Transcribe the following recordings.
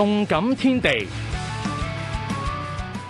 動感天地，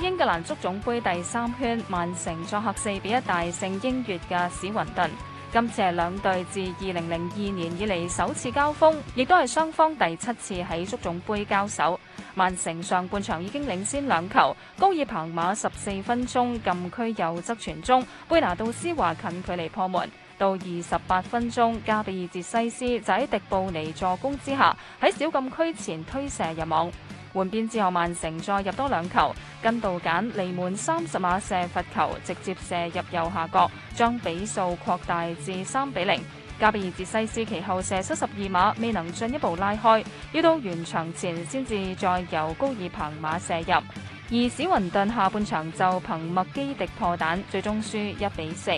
英格蘭足總杯第三圈，曼城作客四比一大勝英乙嘅史雲頓。今次係兩隊自二零零二年以嚟，首次交鋒，亦都係雙方第七次喺足總杯交手。曼城上半場已經領先兩球，高爾彭馬十四分鐘禁區右側傳中，貝拿度施華近距離破門。到二十八分鐘，加比爾捷西斯就喺迪布尼助攻之下，喺小禁區前推射入網。換邊之後，曼城再入多兩球，根度簡離門三十碼射罰球，直接射入右下角，將比數擴大至三比零。加比爾捷西斯其後射失十二碼，未能進一步拉開，要到完場前先至再由高爾彭馬射入。而史雲頓下半場就憑麥基迪破蛋，最終輸一比四。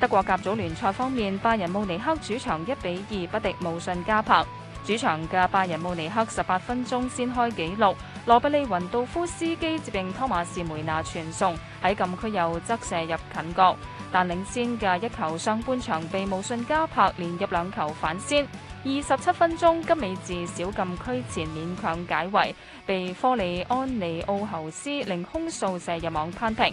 德國甲組聯賽方面，拜仁慕尼克主場一比二不敵慕遜加柏。主場嘅拜仁慕尼克十八分鐘先開紀錄，羅伯利雲道夫斯基接應托馬士梅拿傳送，喺禁區右側射入近角。但領先嘅一球上半場被慕遜加柏連入兩球反先。二十七分鐘，金美治小禁區前勉強解圍，被科利安尼奧侯斯凌空掃射入網攀平。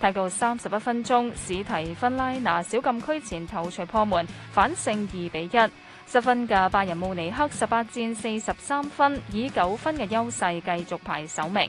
睇到三十一分鐘，史提芬拉拿小禁區前頭槌破門，反勝二比一。十分嘅拜仁慕尼黑，十八戰四十三分，以九分嘅優勢繼續排首名。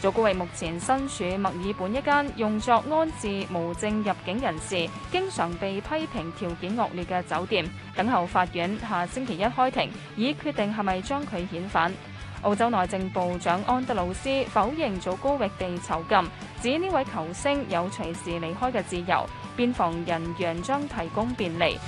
祖高域目前身處墨爾本一間用作安置無證入境人士、經常被批評條件惡劣嘅酒店，等候法院下星期一開庭，以決定係咪將佢遣返。澳洲內政部長安德魯斯否認祖高域被囚禁，指呢位球星有隨時離開嘅自由，邊防人員將提供便利。